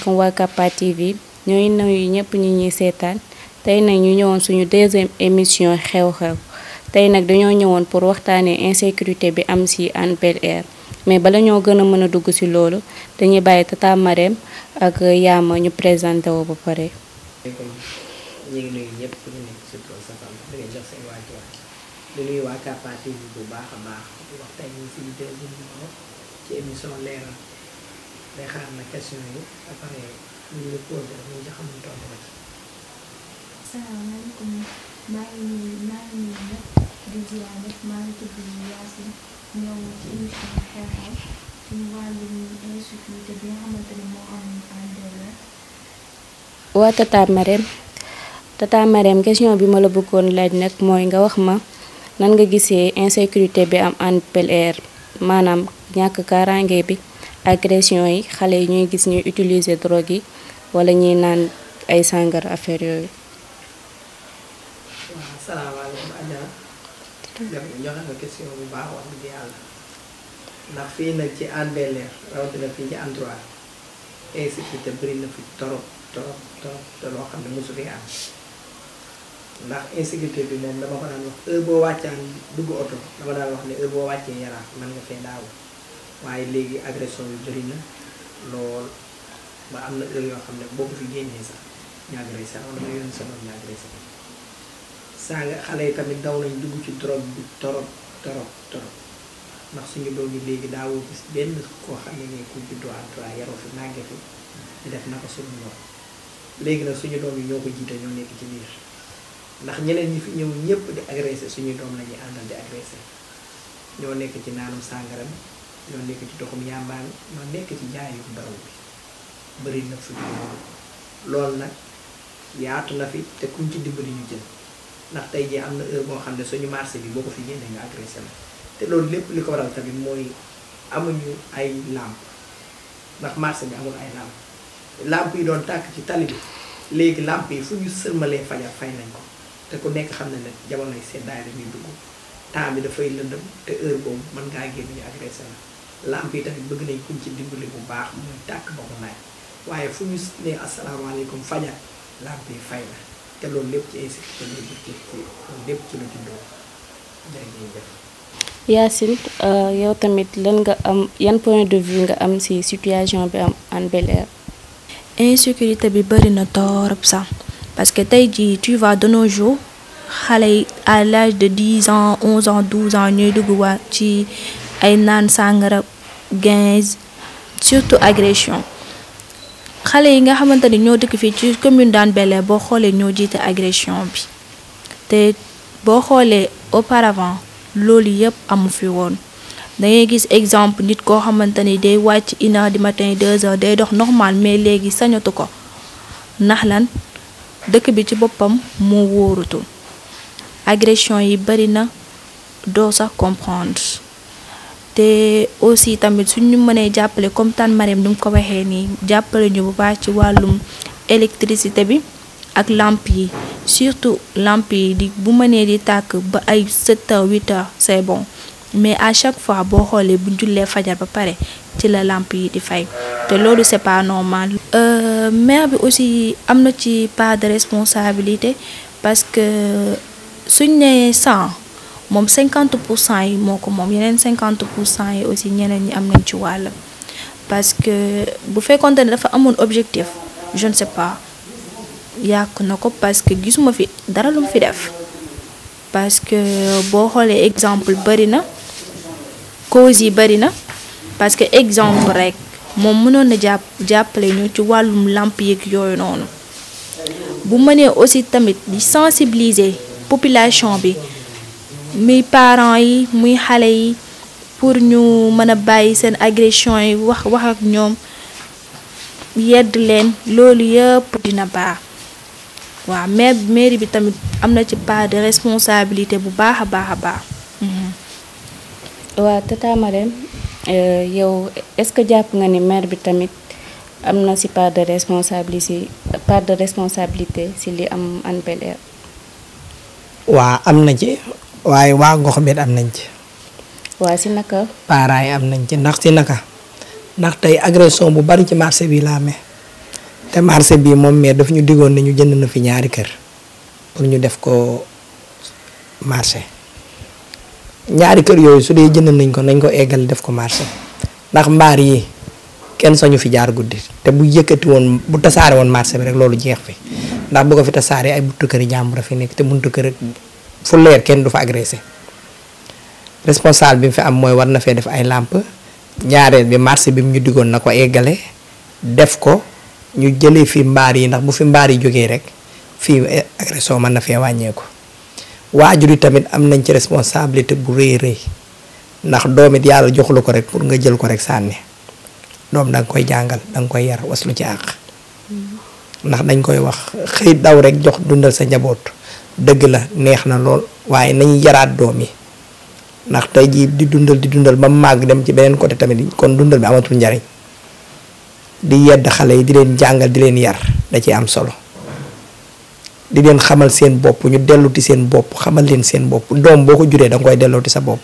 asalaamaaleykum waa Capa TV ñooy nuyu ñëpp ñu ñuy seetaan tey nag ñu ñëwoon suñu deuxième émission xew-xew tey nag dañoo ñëwoon pour waxtaanee insécurité bi am ci Hann bel mais bala ñoo gën a mën a dugg ci loolu dañuy bàyyi Tata ak Yaama ñu présenté woo ba pare. day xaar na question yi après ñu ñu posé ñu ci xamul tontu ko ci. salaamaaleykum maa ngi nuyu maa ngi nuyu ñëpp di ziar ñëpp maa ngi tudd Yacine ñëw ci émission xew-xew suñu insécurité bi nga xamante ne moo am Andola. waa Tata Marème Tata Marème question bi ma la bëggoon laaj nag mooy nga wax ma nan nga gisee insécurité bi am en Bel Air maanaam ñàkk kaaraange bi agression yi xalé yi ñuy gis ñuy utiliser drogue yi wala ñuy naan ay sangar affaire yooyu salaamaaleykum Adja def joxe nga question bu baax wax dëgg yàlla ndax fii nag ci Hann Bel-Air rawatina fii ci Hann 3 insécurité bëri na fi torop torop torop te loo xam ne fi am ndax insécurité bi moom dama ko daan wax heure boo wàccaan dugg oto dama daan wax ne heure boo wàccee yaraax man nga fee daawu waaye léegi agression yu bëri lool ba am na heure yoo xam ne boo fi génnee sax ñu agressé am na yoon sa doom ñu agressé saa nga xale yi tamit daw nañ dugg ci drogue bi torop torop torop ndax suñu doom yi léegi daawoo gis benn koo xam ne nii ku juddoo Altura yaroo fi màggee fi di def naka suñu yoon léegi nag suñu doom yi ñoo jiite ñoo nekk ci biir ndax ñeneen ñi fi ñëw ñëpp di agressé suñu doom la ñuy àndal di agressé ñoo nekk ci naanum sàngara ñoo nekk ci doxum yàmbaan ñoo nekk ci jaayu baraw bi bëri na fi loolu nag yaatu na fi te kuñ ci dimbali ñu jël ndax tey jii am na heure boo xam ne suñu marché bi boo ko fi génnee nga agressé la te loolu lépp li ko waral tamit mooy amuñu ay làmp ndax marché bi amul ay làmp làmp yi doon tàkk ci tali bi léegi làmp yi fu ñu sërmalee fajar fay nañ ko te ku nekk xam ne ne jamonoy seddaay la ñuy dugg temps bi dafay lëndëm te heure boobu mën ngaa génn ñu agressé lamp yi tamit bëgg nañ kuñ ci dimbali bu baax muy tàkk ba mu naaj waaye fu ñu ne asalaamaaleykum fajar lamp yi fay na te loolu lépp ci insécurité loolu ci loolu lépp ci la juddoo jërë ngeen jëf Yacine euh, yow tamit lan nga am yan point de vue nga am ci situation bi am en Bel Air insécurité bi bëri na torop sax parce que tey jii tu vois de nos jours xale yi à l'âge de 10 ans 11 ans 12 ans ñooy dugg waa ci ay naan sàngara gaz surtout agression xale yi nga xamante ni ñoo dëkk fii ci commune Hann bel boo xoolee ñoo jiite agression bi te boo xoolee auparavant loolu yëpp amu fi woon dangay gis exemple nit koo xamante ni day wàcc une di matin deux heures day dox normal mais léegi sañatu ko ndax lan dëkk bi ci boppam moo wóorutul agression yi bari na doo sax comprendre te aussi tamit suñ suñu mënee jàppale comme tànn Marème du ko waxee nii jàppale ñu bu baax ci wàllum électricité bi ak làmp yi surtout làmp yi di bu mënee di tàkk ba ay 7 heures 8 c'est bon mais à chaque fois boo xoolee bu julee fajar ba pare ci la làmp yi di fay te loolu c'est pas normal. Euh, maire bi aussi am na ci part de responsabilité parce que suñ nee 100. moom cinquante pour cent yi moo ko moom yeneen cinquante pour cent yi aussi ñeneen ñi am nañ ci wàll parce que bu fekkonte ne dafa amoon objectif je ne sais pas yàq na ko parce que gisuma fi dara lu fi def parce que boo xoolee exemple bari na cause yi bari na parce que exemple rek moom mënoon na jàpp jàppale ñu ci wàllum làmp yeeg yooyu noonu bu mënee aussi tamit di sensibiliser population bi. muy parents yi muy xale yi pour ñu mën a bàyyi seen agression yi wax wax ak ñoom yedd leen loolu yëpp dina baax waaw maire mairie bi tamit am na ci part de responsabilité bu baax a baax a baax. waaw tata Marème euh, yow est-ce que jàpp nga ni maire bi tamit am na ci part de responsabilité de responsabilité ci li am Hann waa am na ci waaye waa gox bi am nañ ci. waaye si naka. parents yi am nañ ci ndax si naka ndax tey agression bu bari ci marché bii laa amee te marché bii moom mais daf ñu diggoon ne ñu jënd na fi ñaari kër pour ñu def ko marché ñaari kër yooyu su dee jënd nañ ko nañ ko eggal def ko marché ndax mbaar yi kenn sañu fi jaar guddi te bu yëkkati woon bu tasaare woon marché bi rek loolu jeex fi ndax bu ko fi tasaaree ay buntu kër jàmbur a fi nekk te muntu kër fu leer kenn du fa agressé responsable bi mu fi am mooy war na fee def ay làmp ñaareel bi marché bi mu ñu diggoon na ko eggale def ko ñu jële fi mbaar yi ndax bu fi mbaar yi jógee rek fii agression man na fee wàññeeku waajur yi tamit am nañ ci responsabilité bu rëy rëy ndax doom it yàlla jox la ko rek pour nga jël ko rek sànni doom danga koy jàngal danga koy yar waslu ci àq mm. ndax dañ koy wax xëy daw rek jox dundal sa njaboot deug la neex na lol waye nañu yaraat doomi ndax di dundal di dundal ba mag dem ci benen côté tamit kon dundal bi amatu njariñ di yedd xalé di leen jangal di leen yar da ci am solo di leen xamal seen bop ñu ti seen bop xamal len seen bop dom boko juré da ngoy koy ti sa bop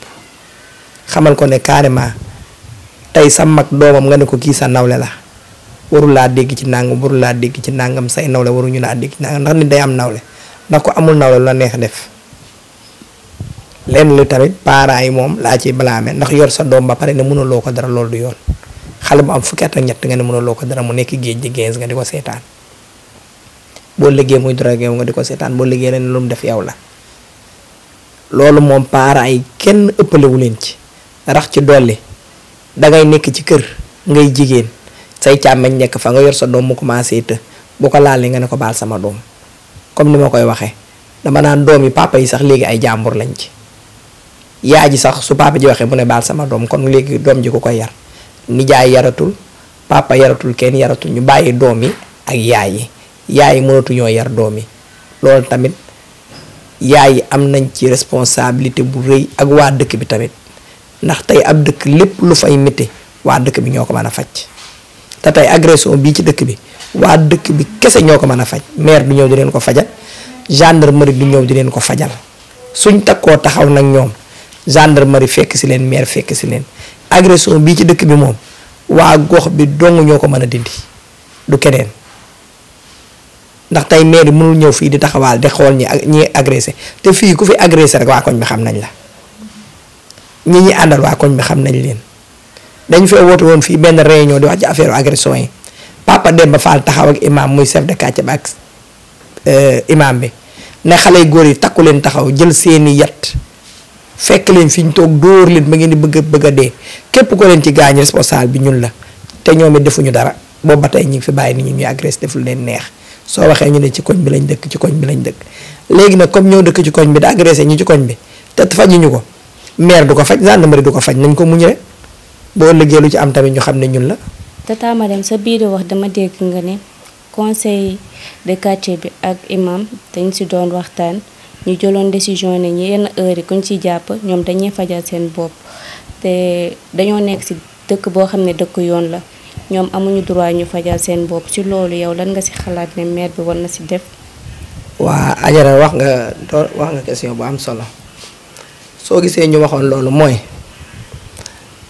xamal ko ne carrément tay sa mag domam nga ne ko ki sa nawle la warul la dégg ci nangam warul la dégg ci nangam say nawle waruñu laa dégg ndax ni day am nawle Naku amun amul nawle la neex def len lu tamit parents mom la ci blamé ndax yor sa dom ba paré ne mënuloo loko dara loolu du yoon xalé bu am fukki at ak ñett nga ne mënuloo loko dara mu nekk geej di gens nga di sétan bo liggé muy drogué nga di sétan bo liggé liggéey lu mu def yaw la loolu mom parents kenn ëppalé wu leen ci rax ci dolli da ngay nekk ci kër ngay jigéen say chamagne nek fa nga yor sa dom mu commencé te bu ko laalé nga ne ko bal sama dom comme ni ma koy waxee dama naan doom yi papa yi sax léegi ay jàmbur lañ ci yaay ji sax su papa ji waxee mu ne baal sama doom kon léegi doom ji ku koy yar nijaay yaratul papa yaratul kenn yaratul ñu bàyyi doom yi ak yaay yi yaay yi mënatuñoo yar doom yi loolu tamit yaay yi am nañ ci responsabilité bu rëy ak waa dëkk bi tamit ndax tey ab dëkk lépp lu fay métti waa dëkk bi ñoo ko man a faj te tey agression bii ci dëkk bi. waa dëkk bi kese ñoo ko mën a faj maire du ñëw di leen ko fajal gendre gendarmerie du ñëw di leen ko fajal suñ takkoo taxaw nag ñoom gendre gendarmerie fekk si leen maire fekk si leen agression bii ci dëkk bi moom waa gox bi dong ñoo ko mën a dindi du keneen ndax tey maire mënul ñëw fii di taxawaal di xool ñi ñi agressé te fii ku fi agressé rek waa koñ bi xam nañ la ñi ñi àndal waa koñ bi xam nañ leen dañ fee woote woon fii benn réunion di wax ci affaire agression yi papa Demba Fall taxaw ak imam muy chef de quartier ba ak euh, imam bi ne xale yu góor yi takku leen taxaw jël seeni yat fekk leen fi ñu toog dóor leen ba ngeen di bëgg bëgg a dee képp ko leen ci gaañ responsable bi ñun la te ñoom it defuñu dara boobu ba tey ñu ngi fi bàyyi nit ñi ñuy agressé def leen neex soo waxee ñu ne ci koñ bi lañ dëkk ci koñ bi lañ dëkk léegi nag comme ñoo dëkk ci koñ bi da agressé ñu ci koñ bi te fajuñu ko maire du ko faj gendarmerie du ko faj nañ ko muñ rek boo ëllëgee lu ci am tamit xam ne ñun la tata Marème sa biir wax dama dégg nga ne conseil de quartier bi ak imam dañ si doon waxtaan ñu jëloon décision ne ñu yenn heure yi kuñ si jàpp ñoom dañuy fajal seen bopp te dañoo nekk si dëkk boo xam ne dëkk yoon la ñoom amuñu droit ñu fajal seen bopp ci loolu yow lan nga si xalaat ne maire bi war na si def. waa Ajara wax nga wax nga question bu am solo soo gisee ñu waxoon loolu mooy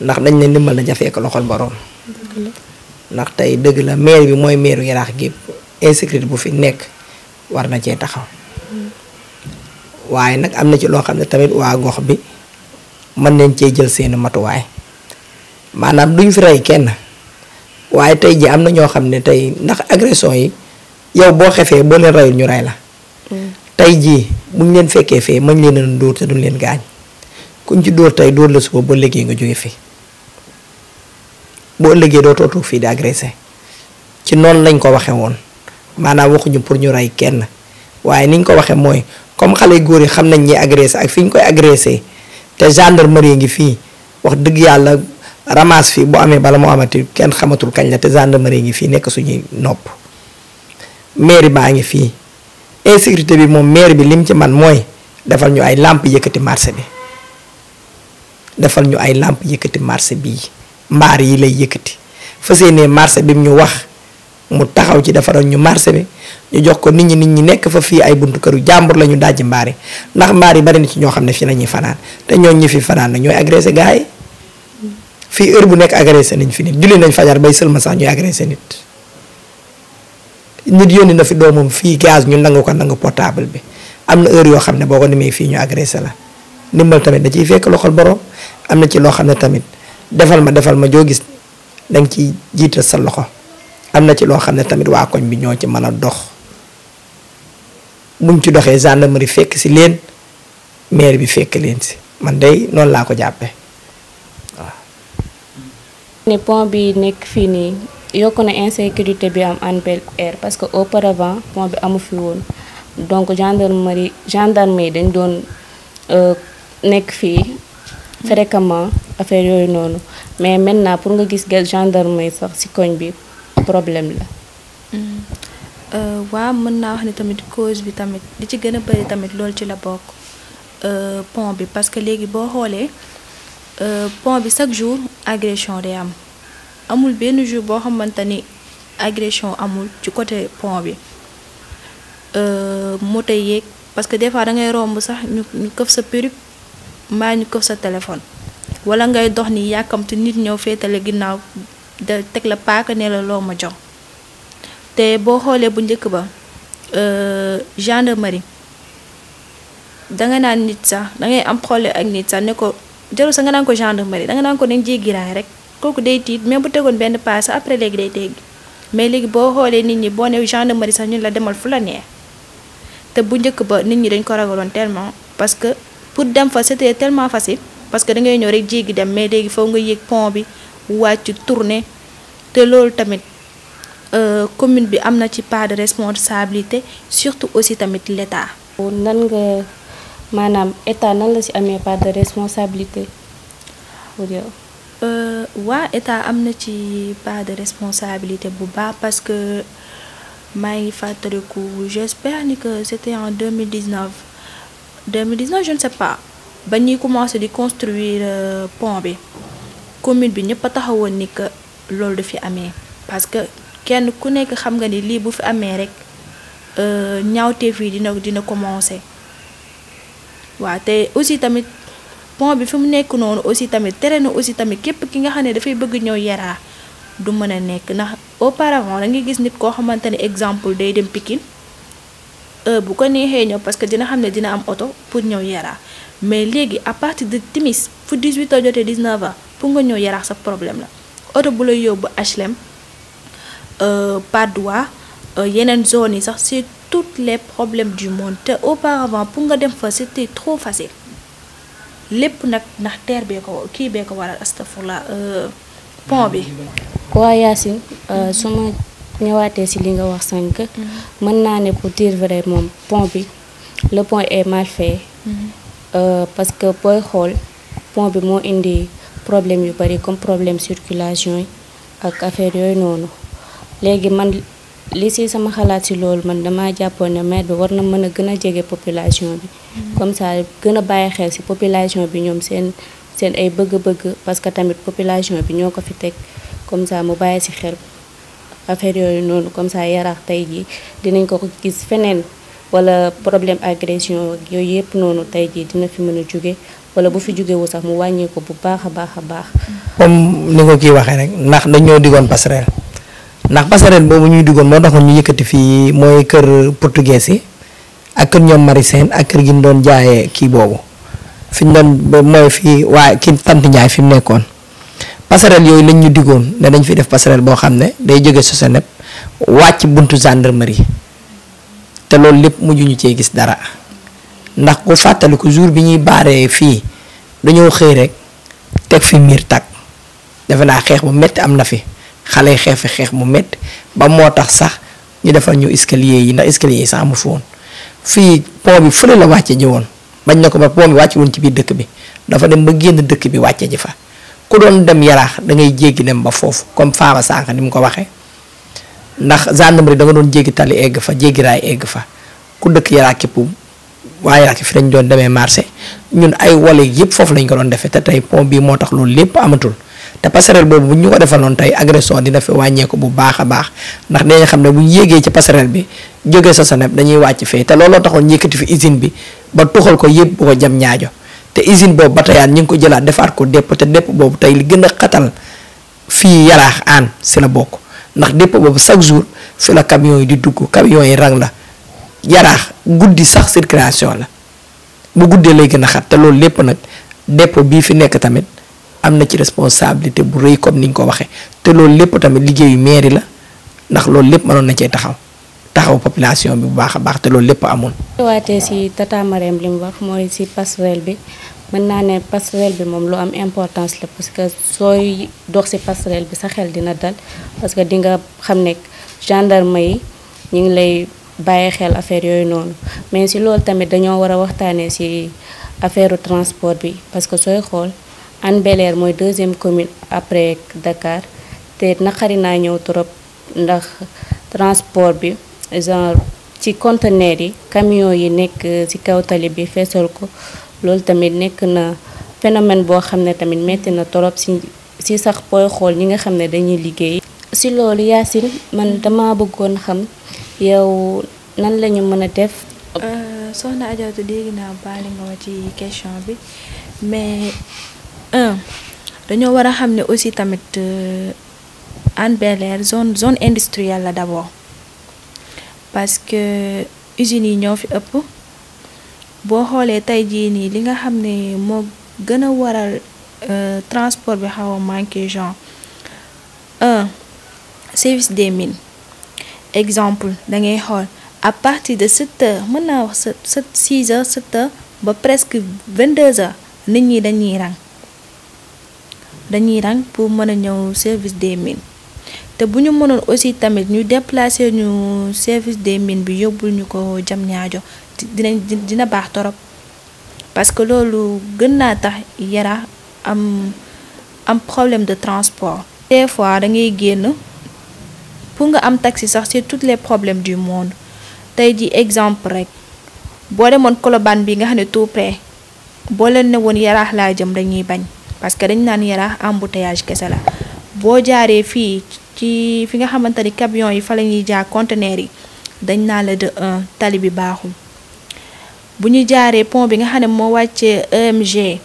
ndax dañ ne ndimbal la jafee ko loxol boroom. ndax tey dëgg la maire bi mooy maire yaraax gépp insécurité bu fi nekk war na cee taxaw waaye nag am na ci loo xam ne tamit waa gox bi mën nañ cee jël seeni matuwaay maanaam duñ fi rey kenn waaye tey ji am na ñoo xam ne tey ndax agression yi yow boo xefee boo leen reyul ñu rey la tey jii buñ leen fekkee fee mañ leen a dóor te duñ leen gaañ kuñ ci dóor tey dóor la suba ba léegi nga jóge fi boo ëllëgee dootoo toog fii di agressé ci noonu lañ ko waxee woon maanaam waxuñu pour ñu rey kenn waaye niñ ko waxee mooy comme xale góor yi xam nañ ñi agressé ak fi ñu koy agressé te gendarmerie ngi fii wax dëgg yàlla ramasse fii bu amee bala moo amati kenn xamatul kañ la te gendarmerie ngi fii nekk suñuy nopp mairie baa ngi fii insécurité bi moom mairie bi lim ci man mooy defal ñu ay làmp yëkkati marché bi defal ñu ay làmp yëkkati marché bii mbaar yi lay yëkkati fa yéene marché bi mu ñu wax mu taxaw ci defaral ñu marché bi ñu jox ko nit ñi nit ñi nekk fa fii ay buntu këru jàmbur la ñu dajji mbaar yi ndax mbaar yi bari na ci ñoo xam ne fii la ñuy fanaan te ñooñu ñu fi fanaan na ñooy agressé gars yi fii heure bu nekk agressé nañ fi nit julli nañ fajar bay sëlma sax ñooy agressé nit nit yónni na fi doomam fii gaz ñu nangu ko nangu portable bi am na heure yoo xam ne boo ko ne mee fii ñu agressé la ndimbal tamit da ciy fekk loxol borom am na ci loo xam ne tamit defal ma defal ma joo gis da ci jiital sa loxo am na ci loo xam ne tamit waa koñ bi ñoo ci mën a dox buñ ci doxee gendarmerie fekk si leen maire bi fekk leen si man day noonu laa ko jàppe waaw. ne pont bi nekk fii nii yokk na insécurité bi am Hann bel parce que auparavant pont bi amu fi woon donc gendarmerie gendarmerie dañ doon euh, nekk fii. fréquemment affaire yoy noonu mais maintenant pour nga gis gendarmerie sax ci cogne bi problème la. Euh, waaw mën naa wax ni tamit cause bi tamit di ci gëna bari tamit lool ci la bok euh pont bi parce que légui bo xolé euh pont bi chaque jour agression day am amul benn jour bo xamante agression amul ci côté pont bi euh, moto yeeg parce que des fois da ngay romb sax ñu keuf sa perruque. maa ñu ko sa téléphone wala ngay dox ni yàkkamti nit ñëw féetale ginnaaw da teg la paaka ne la loo ma jox te boo xoolee bu njëkk ba euh, gendarmerie danga naan nit sax dangay am xoole ak nit sax ne ko jarul sax nga naan ko gendarmerie danga naan ko nañ jéggi raay rek kooku day tiit mais bu tegoon benn paas après léegi day teggi mais léegi boo xoolee nit ñi boo nee gendarmerie sax ñu la demal fu la neex te bu njëkk ba nit ñi dañ ko ragaloon tellement parce pour les c'était tellement facile parce que da ngay ñëw rek jéggi dem mais des foo nga yéeg pont bi wàcc tourner te loolu tamit euh, commune bi de responsabilité surtout aussi tamit l'état nan nga maanaam état nan la si de responsabilité Oui, l'État euh, de responsabilité parce que j'espère que c'était en 2019 2019 je ne sais pas ba ñuy commencé di construire euh, pont bi commune bi ñëpp a taxawoon ni que loolu du fi amee parce que kenn ku nekk xam nga ni lii bu fi amee rek euh, ñaawteef yi dina dina commencé waaw te aussi tamit pont bi fi mu nekk noonu aussi tamit tere na aussi tamit képp ki nga xam ne dafay bëgg ñëw Yarakh du mën a nekk ndax auparavant da ngay gis nit koo xamante ne exemple day dem Pikine Euh, bu ko neexee parce que dina xamné dina am auto pour ñëw yaraax mais légui à partir de timis fu 18 h jotee 19 h pour nga ñëw yara sa problème la auto bu lay yóbbu HLM euh, Patte d'Oie euh, yenen zone yi sax c'est toutes les problèmes du monde te auparavant pour nga dem fa c'était trop facile lepp nak nak teer be ko ki be ko waral euh pont bi. waa Yacine su ma ñëwaatee ci li nga wax sànq. mën naa ne pour dire vrai moom pont bi le pont est mal fait. Euh, parce que booy xool pont bi moo indi problème yu bari comme problème circulation yi ak affaire yooyu noonu léegi man li si sama xalaat si loolu man dama jàppoon ne maire bi war na mën a gën a jege population bi. comme ça gën a bàyyi xel si population bi ñoom seen seen ay bëgg-bëgg parce que tamit population bi ñoo ko fi teg comme ça mu bàyyi si xel. affaire yoy noonu comme ça yarax tay ji dinañ ko gis fenen wala problème agression yoy yep yëpp tay ji dina fi meuna a wala bu fi jóge wu sax mu wañé ko bu baakha baakha baax comme ni nga ki waxé rek ndax dañu digone passerelle ndax passerelle bobu ñuy digone mo taxone ñu yëkëti fii moy kër portugais yi ak kër ñom mariseen ak kër gi ndon jaayé ki bobu fiñ don ñu doon mooy fii waa kii tant fi nekkone passerelle yooyu lañ ñu digoon ne dañ fi def passerelle boo xam ne day jóge Soseneb wàcc buntu gendarmerie te loolu lépp mujj ñu cee gis dara ndax ku fàttaliku jour bi ñuy baaree fii dañoo xëy rek teg fi miir tag defe naa xeex bu métti am na fi xale xeex fi xeex bu métti ba moo tax sax ñu defal ñu escalier yi ndax escalier yi sax amu fi woon fii pont bi fële la wàcce ji woon bañ na ko ba pont bi wàcce woon ci biir dëkk bi dafa dem ba génn dëkk bi wàcce ji ku doon dem yaraax dangay ngay jéggi dem ba foofu comme faama sànq ni mu ko waxee ndax gendarmerie da nga doon jéggi tali egg fa jéggi raay egg fa ku dëkk yaraax képp waa yaraax fi lañ doon demee marché ñun ay wale yëpp foofu lañ ko doon defee te tey pont bii moo tax loolu lépp amatul te passerelle boobu bu ñu ko defaloon tey agression dina fi wàññeeku bu baax baax ndax dañuy xam ne bu ñu yéegee ci passerelle bi jógee sa saneb dañuy wàcc fee te looloo taxoon yëkkati fi usine bi ba tuxal ko yëpp bu ko jam ñaajo te usine boobu Batayaan ñu ngi ko jëlaat defaat ko dépp te dépp boobu tey li gën a xatal fii yaraax aan si la bokk ndax dépp boobu chaque jour fi la camion yi di dugg camion yi rang la yaraax guddi sax circulation la bu guddee lay gën a xat te loolu lépp nag dépp bii fi nekk tamit am na ci responsabilité bu rëy comme ni ñu ko waxee te loolu lépp tamit liggéeyu mairie la ndax loolu lépp mënoon na cee taxaw. taxaw population bi bu baax a baax te loolu lépp amul. waatee si tata Marème li mu wax mooy si passerelle bi mën naa ne passerelle bi moom lu am importance la parce que sooy dox si passerelle bi sa xel dina dal parce que di nga xam ne gendarme yi ñu ngi lay bàyyi xel affaire yooyu noonu mais si loolu tamit dañoo war a waxtaanee si affaire transport bi parce que sooy xool Hann bel mooy deuxième commune après Dakar te naqari naa ñëw trop ndax transport bi. genre ci conteneur yi camion yi nekk ci kaw tali bi feesal ko loolu tamit nekk na phénomène boo xam ne tamit metti na torop ci sax booy xool ñi nga xam ne dañuy liggéey. ci loolu Yacine man dama bëggoon xam yow nan lañu mën a def. Euh, soxna Adjatou dégg naa baali nga ma ci question bi mais dañoo war a xam ne aussi tamit euh, Hann Bel-Air zone zone industrielle la d'abord. parce que usines yi ñoo fi ëpp boo xoolee tey jii nii li nga xam ne moo gën a waral euh, transport bi xaw a manqué genre un service des mines exemple da ngay xool à partir de sept mën naa wax sept six heures sept ba presque vingt deux heures nit ñi dañuy rang dañuy rang pour mën a ñëw service des mines. te bu ñu mënoon aussi tamit ñu déplacer ñu service des mines bi yóbbul ñu ko jam ñaajo dinañ dina baax torop parce que loolu gën naa tax yara am am problème de transport des fois da ngay génn pour nga am taxi sax c'est tous les problèmes du monde tey ji exemple rek boo demoon Colobane bi nga xam ne tout près boo leen ne woon yaraax laa jëm dañuy bañ parce que dañ naan yaraax embouteillage kese la boo jaaree fii ci fi nga xamante ni camion yi fa la ñuy jaar conteneur yi dañ naa la de un tali bi baaxul bu ñu jaaree pont bi nga xam ne moo wàccee EMG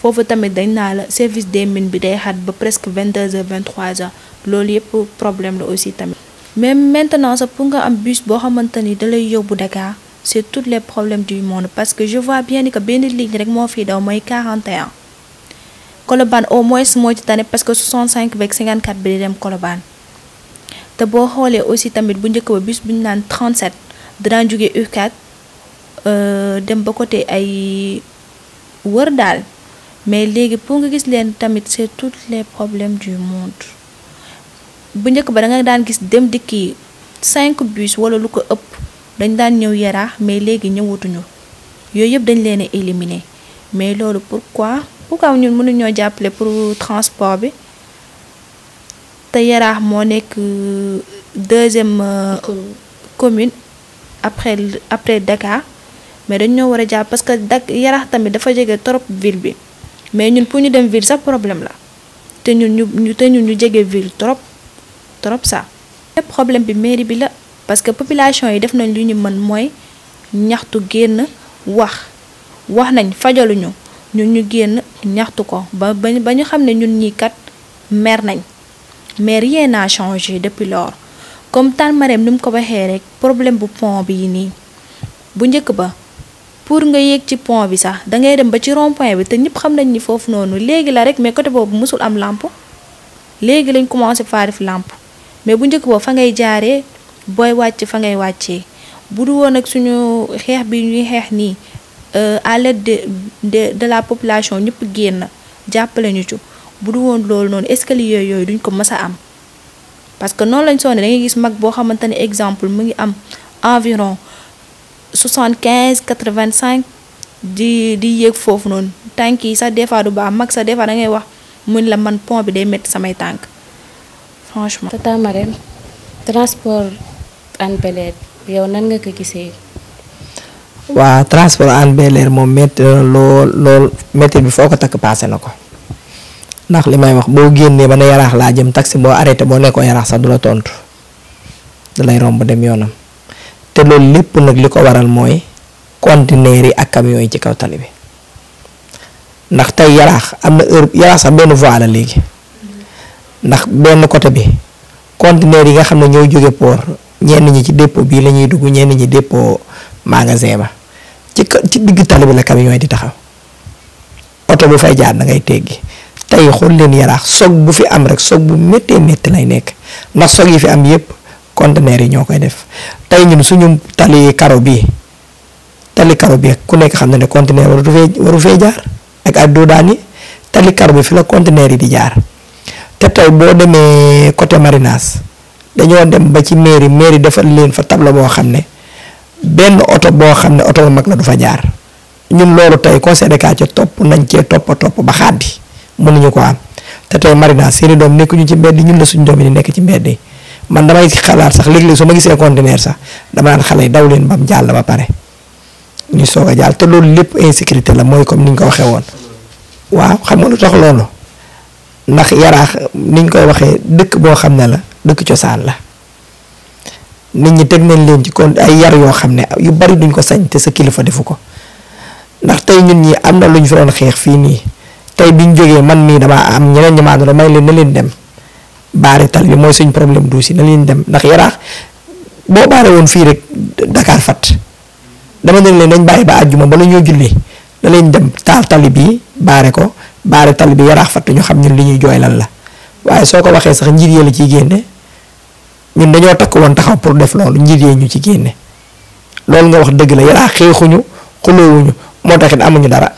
foofu tamit dañ naa la service des mines bi day xat ba presque vingt deux heures vingt trois heures loolu yëpp problème la aussi tamit. même maintenant sax pour nga am bus boo xamante ni da lay yóbbu Dakar c' est tous les problèmes du monde parce que je vois bien ni que benn ligne rek moo fiy daw mooy 41. koloban au moins moo ci tane parce que 65 beeg 54 bi dem koloban te bo xolé aussi tamit bu ñëk ba bus bu ñu 37 danaa jógee U4 dem ba côté ay wër dal mais légui pour nga gis leen tamit c'est tous les problèmes du monde bu ñëk ba da nga daan gis dem dikki 5 bus wala lu ko ëpp dañ daan ñëw yara mais légui ñëwatu ñu yëpp dañ leen éliminer mais lolu pourquoi pourquoi ñun mënuñoo jàppale pour transport bi te yaraax moo nekk euh, deuxième euh, commune après après Dakar mais dañ ñoo war a parce que Dakar yaraax tamit dafa jege trop ville bi mais ñun pour ñu dem ville ça problème la te ñun ñu te ñu jege ville trop trop ça. Le problème bi mairie bi la parce que population yi def nañ lu ñu mën mooy ñaxtu génn wax wax nañ l'union. ñun ñu génn ñaxtu ko ba ba ñu xam ne ñun ñii kat mer nañ mais rien n'a changé depuis lors comme Tane Marème ni mu ko waxee rek problème bu pont bi nii bu njëkk ba pour nga yéeg ci pont bi sax da ngay dem ba ci rond bi te ñëpp xam nañ ni foofu noonu léegi la rek mais côté boobu mosul am làmp léegi lañ commencé faa làmp mais bu njëkk ba fa ngay jaaree booy wàcc fa ngay wàccee bu du woon ak suñu xeex bi ñuy xeex nii. Euh, à l'aide de de de la population ñëpp génn jàppale ñu ci bu du woon loolu noonu est-ce que li yooyu yooyu duñ ko mës a am parce que noonu lañ sonne da ngay gis mag boo xamante ne exemple mu ngi am environ soixante quinze quatre vingt cinq di di yéeg foofu noonu tànk yi sax des fois du baax mag sa des fois da ngay wax mun la man pont bi day métti samay tànk franchement. Tata Marème transport Hann bel yow nan nga ko gisee. wa transport an beler Air met mete lo lool bi foko tak passé nako nak limay wax bo génnee ba ne yarax la jëm taxi bo arrêté bo nekkoo yarax sa dula tontu dalay romb dem yonam te loolu lepp nak liko waral moy conteneur yi ak camion yi ci kaw tali bi nak tay yarax am heure yarax sa ben voie la légui nak ben côté bi conteneur yi nga xamné ñoy joggé port ñenn ñi ci dépôt bi lañuy dugg ñenn ñi dépôt. magasin ba ci ci digg tali bi la camion yi di taxaw oto bu fay jaar da ngay teggi tey xool leen yaraax soog bu fi am rek soog bu méttee métti lay nekk ndax soog yi fi am yépp conteneur yi ñoo koy def tey ñun suñu tali karo bii tali karo bi ku nekk xam na ne conteneur waru fee waru fee jaar ak ay doodaan yi tali karo bi fi la conteneur yi di jaar te tey boo demee côté Marinas dañoo dem ba ci mairie mairie defal leen fa tableau boo xam ne. benn oto boo xam ne oto bu mag la du fa jaar ñun loolu tey conseil de quartier topp nañ cee topp topp ba xàddi mënuñu ko am te tey Marina seeni doom nekkuñu ci mbedd ñun la suñu doom yi nekk ci mbedd man damay xalaat sax léeg-léeg su ma gisee conteneur sax dama naan xale yi daw leen bam jàll ba pare ñu soog a jàll te loolu lépp insécurité la mooy comme ni ñu ko waxee woon waaw xam nga lu tax loolu ndax yaraax niñ koy waxee dëkk boo xam ne la dëkk cosaan la nit ñi teg nañ leen ci kon ay yar yoo xam ne yu bari duñ ko sañ te sa kilifa defu ko ndax tey ñun ñi am na lu ñu fi doon xeex fii nii tey biñ jógee man mii damaa am ñeneen ñi maa doon may leen na leen dem baare tal bi mooy suñ problème duusi na leen dem ndax yaraax boo woon fii rek Dakar fat dama leen dañ bàyyi ba àjjuma ba la ñoo julli na dem taal tali bi baare ko baare tali bi yaraax fat ñu xam ñun li ñuy jooy lan la waaye soo ko waxee sax njiit yi la ciy génne. ñun dañoo takk woon taxaw pour def loolu njiit yee ñu ci génne loolu nga wax dëgg la yàlla xeexuñu xuloowuñu moo taxit amuñu dara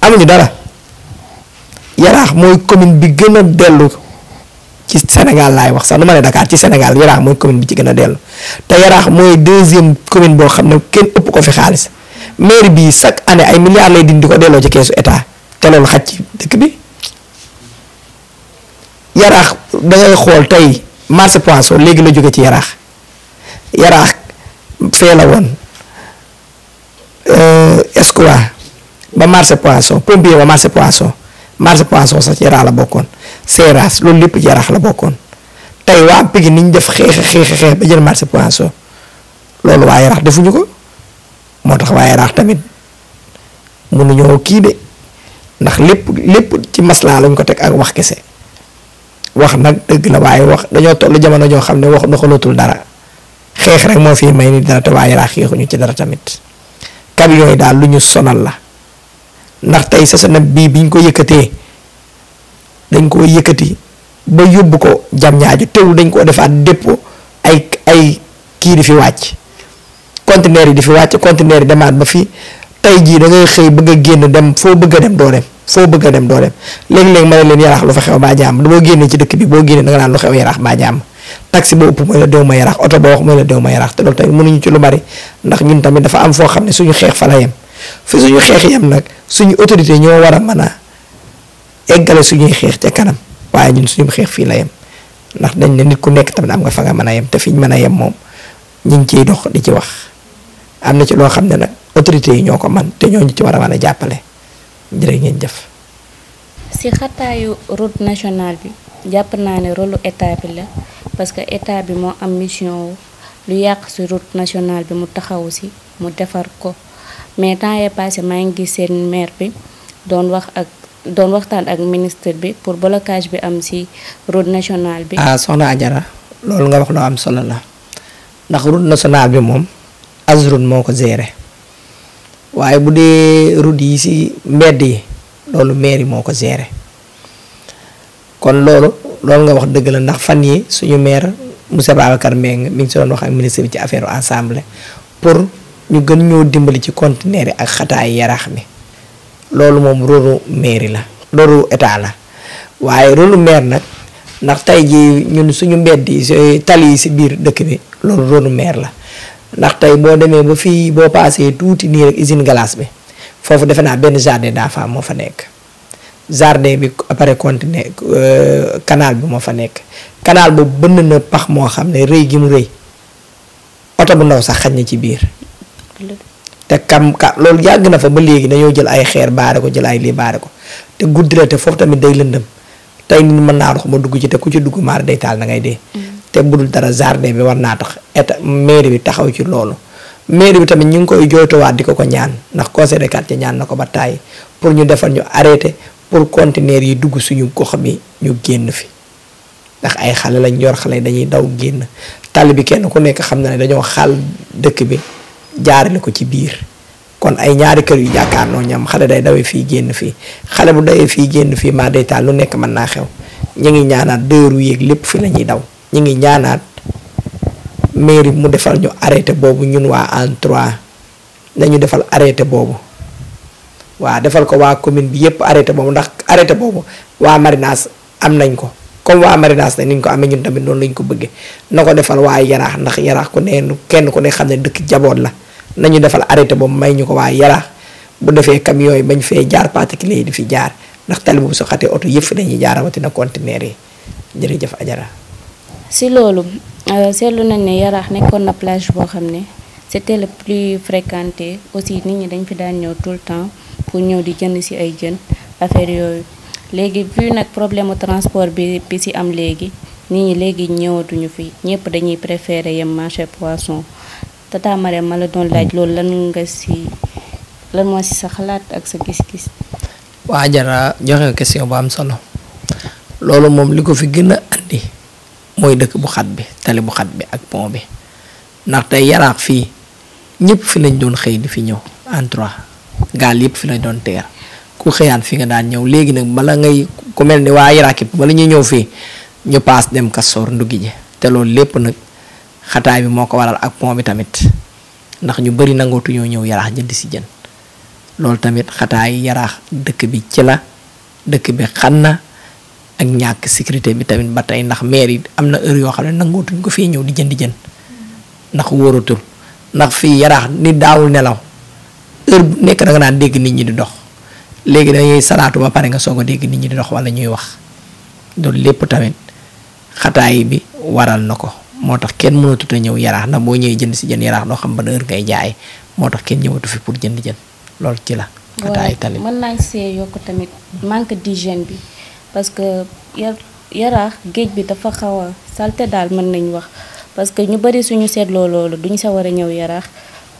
amuñu dara yaraax mooy commune bi gën a dellu ci wax sax nu ma ne Dakar ci Sénégal yaraax mooy commune bi ci gën a dellu te yaraax mooy deuxième commune boo xam ne kenn ëpp ko fi xaalis maire bii chaque année ay milliards lay dindi ko delloo ci keesu état te loolu xaj ci dëkk bi yaraax dangay xool tey marché poisson léegi la jóge ci yarax yarax fee la euh escoa ba marché poisson pompier ba marché poisson marché poisson sa ci yarax la bokon seeraas lo lepp ci yarax la bokon tay wa pig niñ def xeex xeex xeex ba jël marché poisson loolu waa yaraax defuñu ko moo tax waa yaraax tamit ñoo ki de ndax lepp lepp ci masla lañ ko tek ak wax wax nag dëgg la waaye wax dañoo toll jamono joo xam ne wax doxalatul dara xeex rek moo fi may ni dara te waaye laa xeexuñu ci dara tamit camion yooyu daal lu ñu sonal la ndax tey Sosenab bii biñ ko yëkkatee dañ koo yëkkati ba yóbbu ko jam ñaaju teewul dañ koo defaat dépôt ay ay kii di fi wàcc conteneur yi di fi wàcc conteneur yi demaat ba fi tey jii da ngay xëy bëgg a génn dem foo bëgg a dem doo dem. foo bëgg a dem doo dem léegi-léegi leen yaraax lu fa xew baa jàmm boo génnee ci dëkk bi boo génnee da nga naan lu xew yaraax baa jàmm taxi ba ëpp mooy la dew ma yaraax oto ba wax mooy la dew ma yaraax te loolu tamit mënuñu lu bari ndax ñun tamit dafa am foo xam ne suñu xeex fa yem fi nag suñu autorité ñoo war a mën a eggale suñuy xeex ca kanam waaye ñun suñu xeex fii la yem ndax dañ ne nit ku nekk tamit am nga fa nga mën a yem te fi ñu mën a yem moom ñu ngi ciy dox di ci wax am na ci loo xam ne nag autorité yi ñoo ko man te ñoo ñu ci war a mën a jàppale jërë ngeen jëf. si xataayu route nationale bi jàpp naa ne rôle état bi la parce que état bi moo am mission lu yàq si route nationale bi mu taxawu si mu defar ko mais temps yee passé maa ngi gis seen maire bi doon wax ak doon waxtaan ak ministre bi pour blocage bi am si route nationale bi. ah soxna Ajara loolu nga wax lu am solo la ndax route nationale bi moom ASROUTE moo ko géré. waaye bu dee route yi ci mbedd yi loolu mair yi moo ko géré kon loolu loolu nga wax dëgg la ndax fan yi suñu maire Moussa Babacar Mbengue mi ngi si wax ak ministre bi ci affaire ensemble pour ñu gën ñoo dimbali ci conteneur yi ak xataay yarax mi loolu moom rôle mair la loolu état la waaye rôle maire nag ndax tey jii ñun suñu mbedd yi tali yi si biir dëkk bi loolu rôle maire la ndax tey boo demee ba fii boo paasee tuuti nii rek usine glace bi foofu defe naa benn jardin d'enfants moo fa nekk jardin bi après continuer euh, kanaal bi moo fa nekk kanaal boobu bënn na pax moo xam ne rëy gi mu rëy oto bu ndaw sax xaj na ci biir te kam ka loolu yàgg na fa ba léegi dañoo jël ay xeer baare ko jël ay lii baare ko te guddi la te foofu tamit day lëndëm tey nit mën naa dox ma dugg ci te ku ci dugg maar day taal na ngay dee te budul dara jardin bi war naa tax état mairie bi taxaw ci loolu mairie bi tamit ñu ngi koy jooytuwaat di ko ko ñaan ndax conseil de quartier ñaan na ko ba tàyyi pour ñu defar ñu arrêté pour conteneur yi dugg suñu gox bi ñu génn fi ndax ay xale lañ yor xale yi dañuy daw génn tali bi kenn ku nekk xam na ne dañoo xaal dëkk bi jaarale ko ci biir kon ay ñaari kër yu jàkkaar jàkkaarloo ñam xale day dawee fii génn fii xale bu dawee fii génn fii maa day taal lu nekk mën naa xew ñu ngi ñaanaat dëru yeeg lépp fi la ñuy daw ñu ngi ñaanaat mairie mu defal ñu arrêté boobu ñun waa en trois nañu defal arrêté boobu waa defal ko waa commune bi yépp arrêté boobu ndax arrêté boobu waa Marinas am nañ ko comme waa Marinas ne niñ ko amee ñun tamit noonu lañ ko bëggee na ko defal waa yaraax ndax yaraax ku ne kenn ku ne xam ne dëkk jaboot la nañu defal arrêté boobu may ñu ko waa yaraax bu defee camion yi bañ fee jaar particulier yi di fi jaar ndax tali boobu su oto yëpp fi dañuy jaar rawatina conteneur yi jërëjëf Ajara si loolu euh, seetlu nañ ne yaraax nekkoon na plage bo xam c'était le plus fréquenté aussi nit ñi dañ fi daan ñëw tout le temps pour ñëw di jënd ci ay jën affaire yooyu légui vu nak problème transport bi bi ci am légui nit ñi légui léegi ñu fi ñëpp dañuy préférer yam marché poisson tata mare mala don laaj lolu lan nga ci lan mo ci sa xalaat ak sa gis-gis wa jara joxe question bu am solo lolu mom liko fi gëna andi moy dëkk bu xat bi tali bu xat bi ak pont bi nak tay yaraq fi ñepp fi lañ doon xey di fi ñew en trois gal yëpp fi lañ doon teer ku xëyaan fi nga daan ñew legi nak bala ngay ku melni ni yaraq yaraax yëpp ñu ñew fi ñu pass dem kasoor ndugi je te loolu lepp nak xataay bi moko waral ak pont bi tamit ndax ñu bari ñu ñew yaraq jënd ci jën tamit xataay yaraq dëkk bi ci la dëkk bi xanna ak ñak sécurité bi tamit ba tay ndax maire yi am heure yo xamne ne nangootuñ ko fi ñew di jënd jënd ndax wóoratul ndax fi yaraax ni daawul nelaw heure nek da nga naan dégg nit ñi di dox légui da ngay salatu ba paré nga soog dégg nit ñi di dox wala ñuy wax do lepp tamit xataay bi waral nako motax moo tax kenn mënatut a ñëw yaraax ndax boo ñëwee jënd si jën yaraax doo xam ba heure ngay jaay motax tax kenn ñëwatu fi pour jënd jënd lool ci la xataay tamit mën naa see yokk tamit manque d'hygiène bi parce que yar yaraax géej bi dafa xaw a salte daal mën nañ wax parce que ñu bëri suñu seetloo loolu duñ sa war a ñëw yaraax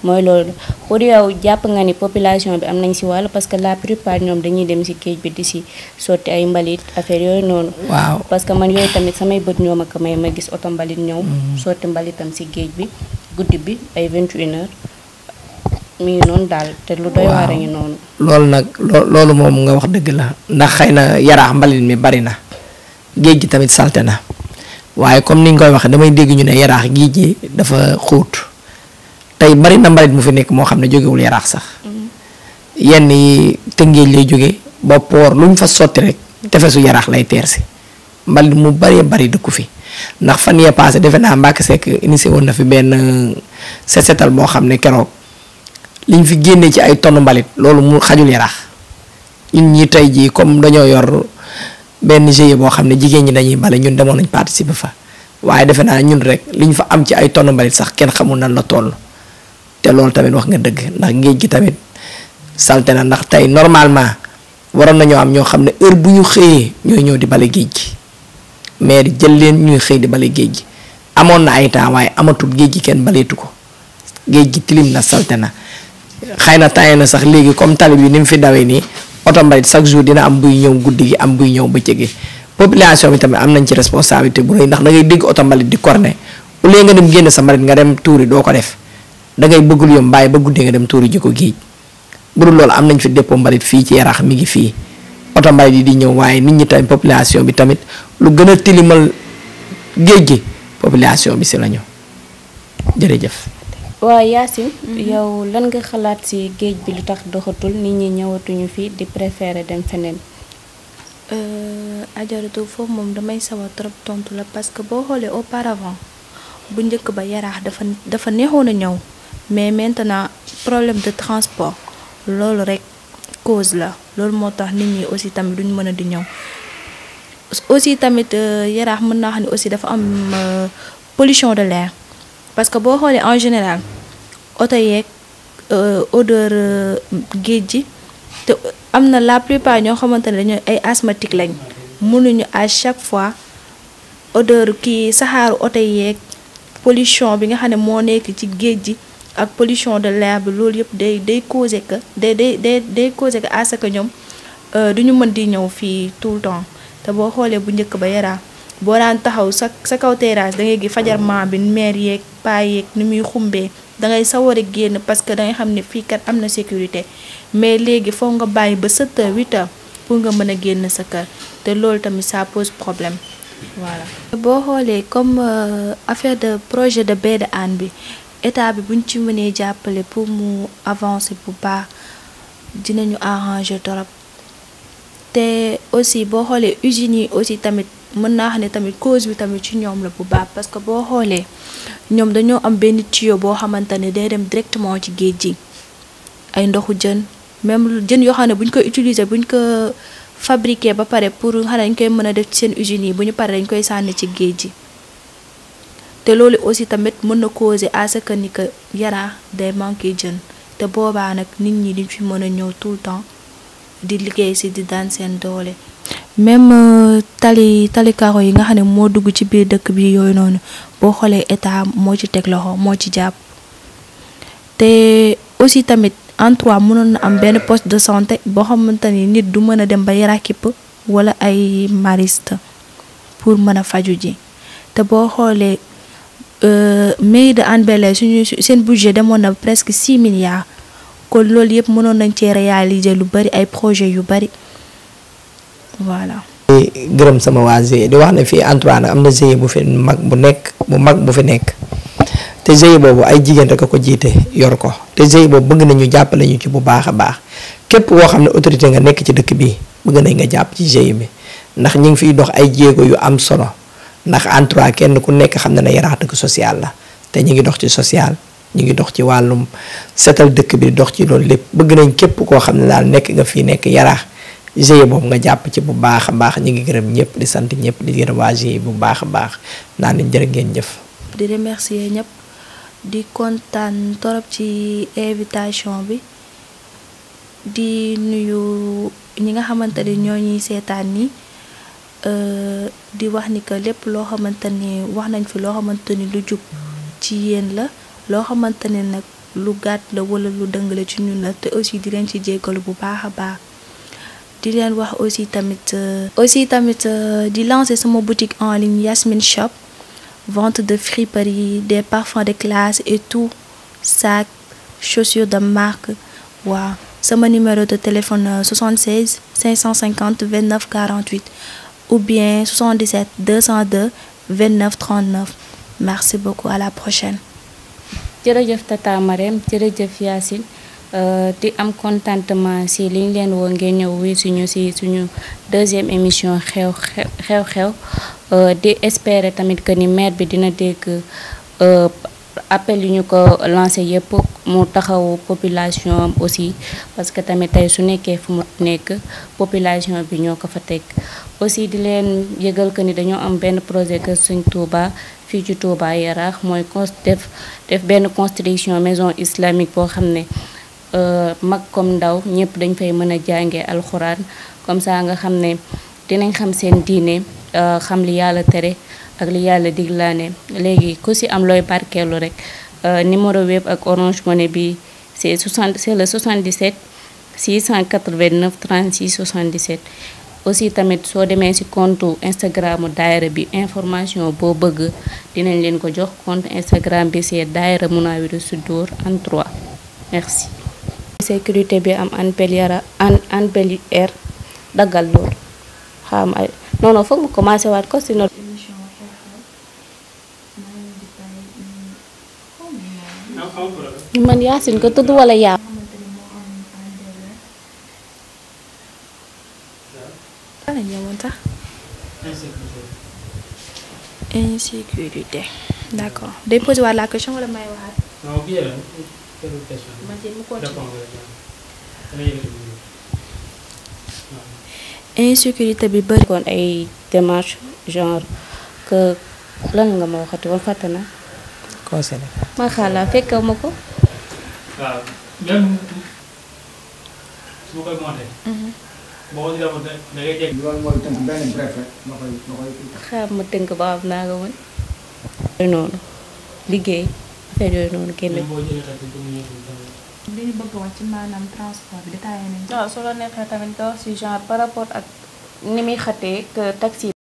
mooy loolu pour jàpp nga ni population bi am nañ si wàll parce que la plupart ñoom dañuy dem si géej bi di si sotti ay mbalit affaire yooyu noonu. waaw parce que man yooyu tamit samay bët ñoom ak may ma gis oto mbalit ñëw. Mm-hmm. sotti mbalitam si géej bi guddi bi ay 21 heures. mi ngi noonu daal te lu doy waar a ngi noonu. loolu nag loo loolu moom nga wax dëgg la ndax xëy na yaraax mbalit mi bari na géej gi tamit salte na waaye comme ni nga koy waxee damay dégg ñu ne yaraax géej gi dafa xóot tey bari na mbalit mu fi nekk moo xam ne jógewul yaraax sax mm-hmm. yenn yi tëngéej lay jóge ba poor lu ñu fa sotti rek tefesu yaraax lay teer si mbalit mu bari bari dëkku fi. ndax fan yee passé defe naa Mbacke Seck initié woon na fi benn sesetal boo xam ne keroog liñ fi génnee ci ay tonn mbalit loolu mu xajul yaraax ñun ñi tey jii comme dañoo yor benn GIE boo xam ne jigéen ñi dañuy bale ñun demoon nañ participer fa waaye defe naa ñun rek liñ fa am ci ay tonn mbalit sax kenn xamul nañ la toll te loolu tamit wax nga dëgg ndax géej gi tamit salte na ndax tey normalement waroon nañoo am ñoo xam ne heure bu ñu xëyee ñooy ñëw di bale géej gi mais jël leen ñuy xëy di bale géej gi amoon na ay temps waaye amatul géej gi kenn baleetu ko géej gi tilim na salte na xëy na tàyyi na sax léegi comme tali bi ni mu fi dawee nii oto mbalit chaque jour dina am buy ñëw guddi gi am buy ñëw bëccëg gi population bi tamit am nañ ci responsabilité bu rëy ndax da ngay dégg oto mbalit di corne au lieu nga dem génne sa mbalit nga dem tuuri doo ko def da ngay bëggul yom bàyyi ba guddee nga dem tuuri ji ko géej bu dul loolu am nañ fi dépôt mbalit fii ci Yarax mi ngi fii oto mbalit yi di ñëw waaye nit ñi tamit population bi tamit lu gën a tilimal géej gi population bi si la ñu jërëjëf waaw Yacine. Mhm. yow lan nga xalaat ci géej bi lu tax doxatul nit ñi ñëwatuñu fii di préférer dem feneen. Euh, ajaratu foofu moom damay sawar trop tontu la parce que boo xoolee auparavant bu njëkk ba yaraax dafa dafa neexoon a ñëw mais maintenant problème de transport loolu rekk cause la loolu moo tax nit ñi aussi tamit duñ mën a di ñëw aussi tamit euh, yaraax mën naa xam ne aussi dafa am euh, pollution de l'air parce que boo xoolee en général oto yeeg euh, odeur euh, géej gi te am na la plupart ñoo xamante ne dañoo ay asthmatique lañ mënuñu à chaque fois odeur kii saxaaru oto yeeg pollution bi nga xam ne moo nekk ci géej gi ak pollution de l'air bi loolu yëpp day day causé que day day day day causé que à que ñoom euh, du ñu mën di ñëw fii tout le temps te boo xoolee bu njëkk ba yaram boo daan taxaw sa sa kaw terrasse da ngay gi fajar maa bi meer yeeg payeeg ni muy xumbee dangay sawar génn parce que dangay xam ne fii kat am na sécurité mais léegi foo nga bàyyi ba 7 heures 8 pour nga mën a génn sa kër te loolu tamit ça pose problème voilà. boo xoolee comme euh, affaire de projet de baie de bi état bi buñ ci mënee jàppale pour mu avancer bu baax dinañu arranger torop te aussi boo xoolee usines yi aussi tamit. mën naa xam ne tamit cause bi tamit ci ñoom la bu baax parce que boo xoolee ñoom dañoo am benn tuyau boo xamante ne day dem directement ci géej gi ay ndoxu jën même jën yoo xam ne bu ñu ko utiliser bu ko fabriqué ba pare pour xanaa dañ mën a def ci seen usines bu ñu paree dañ koy sànni ci géej gi te loolu aussi tamit mën na causer à ce que ni que Yaraax day manqué jën te boobaa nag nit ñi di fi mën a ñëw tout le temps di liggéey si di daan seen doole. même euh, tali tali karo yi nga xam ne moo dugg ci biir dëkk bi yooyu noonu boo xoolee état moo ci teg loxo moo ci jàpp te aussi tamit entroit mënoon na am benn poste de santé boo xamante ni nit du mën a dem ba Yarakipp wala ay mariste pour mën a faju ji te boo xoolee euh, mairie de en Bel-Air suñu seen budget demoon na presque six milliards kon loolu yëpp mënoon nañ cee réaliser lu bari ay projet yu bari voilà. gërëm sama waa GIE di wax ne fii Antoine am na GIE bu fi mag bu nekk bu mag bu fi nekk te GIE boobu ay jigéen rek a ko jiite yor ko te GIE boobu bëgg nañu jàppale ñu ci bu baax a baax képp koo xam ne autorité nga nekk ci dëkk bi bëgg nañ nga jàpp ci GIE ndax ñu ngi fiy dox ay jéego yu am solo ndax Antoine kenn ku nekk xam ne na yaraax dëkk social la te ñu ngi dox ci social. ñu ngi dox ci wàllum setal dëkk bi dox ci loolu lépp bëgg nañ képp koo xam ne daal nekk nga fii nekk yaraax GIE bob nga japp ci bu baax baax ñi ngi gërëm ñëpp di sant ñëpp di gërëm waaji bu baax baax naan ni jërë ngeen jëf. di remercier ñëpp di contane torop ci invitation bi di nuyu ñi nga xamanteni ni ñoo ñuy ni euh di wax ni que lepp lo xamanteni wax nañ fi lo xamanteni lu jub ci yeen la lo xamanteni nak lu gatt la wala lu dëng ci ñun la te aussi di leen ci jéggalu bu baax baax di vous wax aussi tamit euh, aussi tamit euh, di lancer sama boutique en ligne Yasmine Shop vente de friperies des parfums de classe et tout sacs, chaussures de marque C'est mon numéro de téléphone 76 550 29 48 ou bien 77 202 29 39 merci beaucoup à la prochaine. Tata Euh, di am contentement si li ñu leen woo ngeen ñëw wi suñu si suñu deuxième émission xew xew xew euh, di espérer tamit que ni maire bi dina dégg euh, appel yu ñu ko lancé yëpp mu taxaw population am aussi parce que tamit tey su nekkee fu mu nekk population bi ñoo ko fa teg aussi di leen yëgal que ni dañoo am benn projet Kër Sëñ Touba fii ci Touba Yaraax mooy def benn construction maison islamique boo xam ne Euh, mag comme ndaw ñëpp dañ fay mën a jàngee alxuraan comme saa nga xam ne dinañ xam seen diine euh, xam li yàlla tere ak li yàlla diglaane léegi ku si am looy barkeelu rek euh, numéro web ak orange money bi c'est 60 c'est le 77 689 36 77 aussi tamit soo demee ci compte Instagramu daayira bi information boo bëgg dinañ leen ko jox compte Instagram bi c'est daayira Mounawirou Soudour en 3 insécurité bi am an peliara an an pelière dagal lool xam ay non non foog mu commencé wat ko sinon man yasin ko tudd wala yaa insécurité d'accord déposer waat la question wala may waat non bien jërëjëf bi. machine mu continué koon ay démarche genre que lan nga ma waxati woon fàtte la. ma xaala fekkaw ma ko. waaw ma koy ba am naa nga woon. liggéey. affaire yooyu noonu génne. dañu bëgg wax ci maanaam transport bi détaillé nañu. waaw su la neexee tamit nga wax si genre par rapport ak ni muy xatee que taxi.